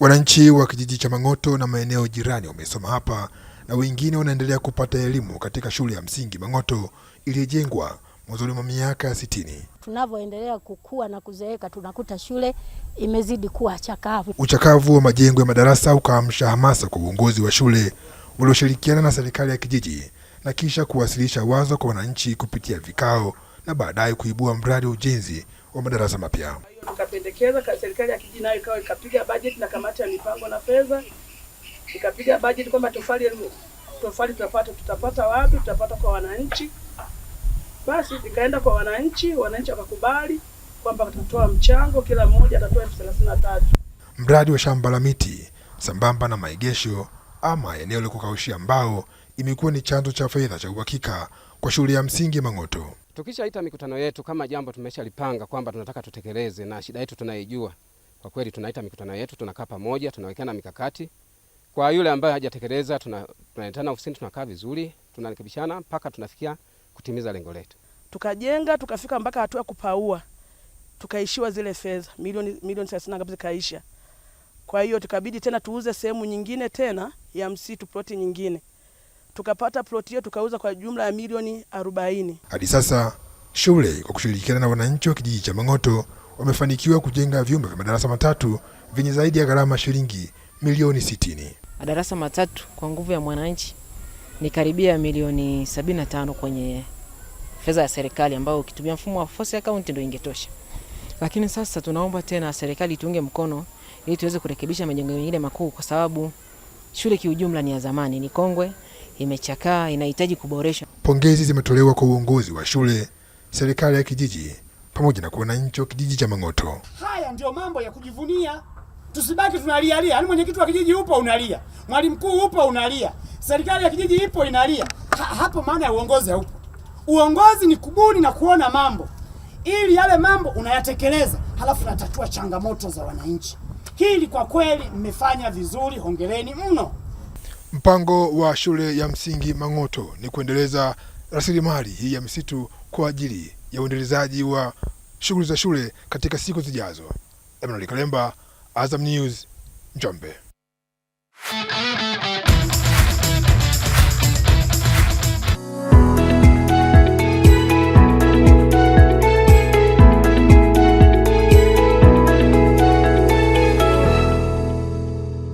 Wananchi wa kijiji cha Mang'oto na maeneo jirani wamesoma hapa na wengine wanaendelea kupata elimu katika shule ya msingi Mang'oto iliyojengwa mwanzoni mwa miaka ya sitini. Tunavyoendelea kukua na kuzeeka, tunakuta shule imezidi kuwa chakavu. Uchakavu wa majengo ya madarasa ukaamsha hamasa kwa uongozi wa shule ulioshirikiana na serikali ya kijiji na kisha kuwasilisha wazo kwa wananchi kupitia vikao na baadaye kuibua mradi wa ujenzi wa madarasa mapya. Tukapendekeza serikali ya kijiji nayo ikawa ikapiga bajeti na kamati ya mipango na fedha ikapiga bajeti kwamba tofali tofali tutapata tutapata wapi, tutapata kwa wananchi. Basi ikaenda kwa wananchi, wananchi wakakubali kwamba tutatoa mchango, kila mmoja atatoa elfu thelathini na tatu. Mradi wa shamba la miti sambamba na maegesho ama eneo la kukaushia mbao imekuwa ni chanzo cha fedha cha uhakika kwa shule ya msingi Mang'oto. Tukishaita mikutano yetu kama jambo tumeshalipanga kwamba tunataka tutekeleze na shida yetu tunaijua, kwa kweli tunaita mikutano yetu, tunakaa pamoja, tunawekana mikakati. Kwa yule ambaye hajatekeleza, tunaletana ofisini, tunakaa vizuri, tunarekebishana mpaka tunafikia kutimiza lengo letu. Tukajenga tukafika mpaka hatua ya kupaua, tukaishiwa zile fedha milioni milioni 30 ngapi zikaisha. Kwa hiyo tukabidi tena tuuze sehemu nyingine tena ya msitu, ploti nyingine tukapata ploti hiyo tukauza kwa jumla ya milioni 40. Hadi sasa shule kwa kushirikiana na wananchi wa kijiji cha Mang'oto wamefanikiwa kujenga vyumba vya madarasa matatu vyenye zaidi ya gharama shilingi milioni sitini Madarasa matatu kwa nguvu ya mwananchi ni karibia milioni tano kwenye fedha ya serikali ambayo ukitumia mfumo wa force account ndio ingetosha, lakini sasa tunaomba tena serikali tuunge mkono ili tuweze kurekebisha majengo mengine makuu, kwa sababu shule kiujumla ni ya zamani, ni kongwe imechakaa, inahitaji kuboresha. Pongezi zimetolewa kwa uongozi wa shule, serikali ya kijiji pamoja na kwa wananchi wa kijiji cha Mang'oto. Haya ndio mambo ya kujivunia, tusibaki tunalialia. Yaani mwenyekiti wa kijiji upo unalia, mwalimu mkuu upo unalia, serikali ya kijiji ipo inalia. Ha, hapo maana ya uongozi haupo. Uongozi ni kubuni na kuona mambo ili yale mambo unayatekeleza, halafu natatua changamoto za wananchi. Hili kwa kweli mmefanya vizuri, hongereni mno. Mpango wa shule ya msingi Mang'oto ni kuendeleza rasilimali hii ya misitu kwa ajili ya uendelezaji wa shughuli za shule katika siku zijazo. Emmanuel Kalemba, Azam News, Njombe.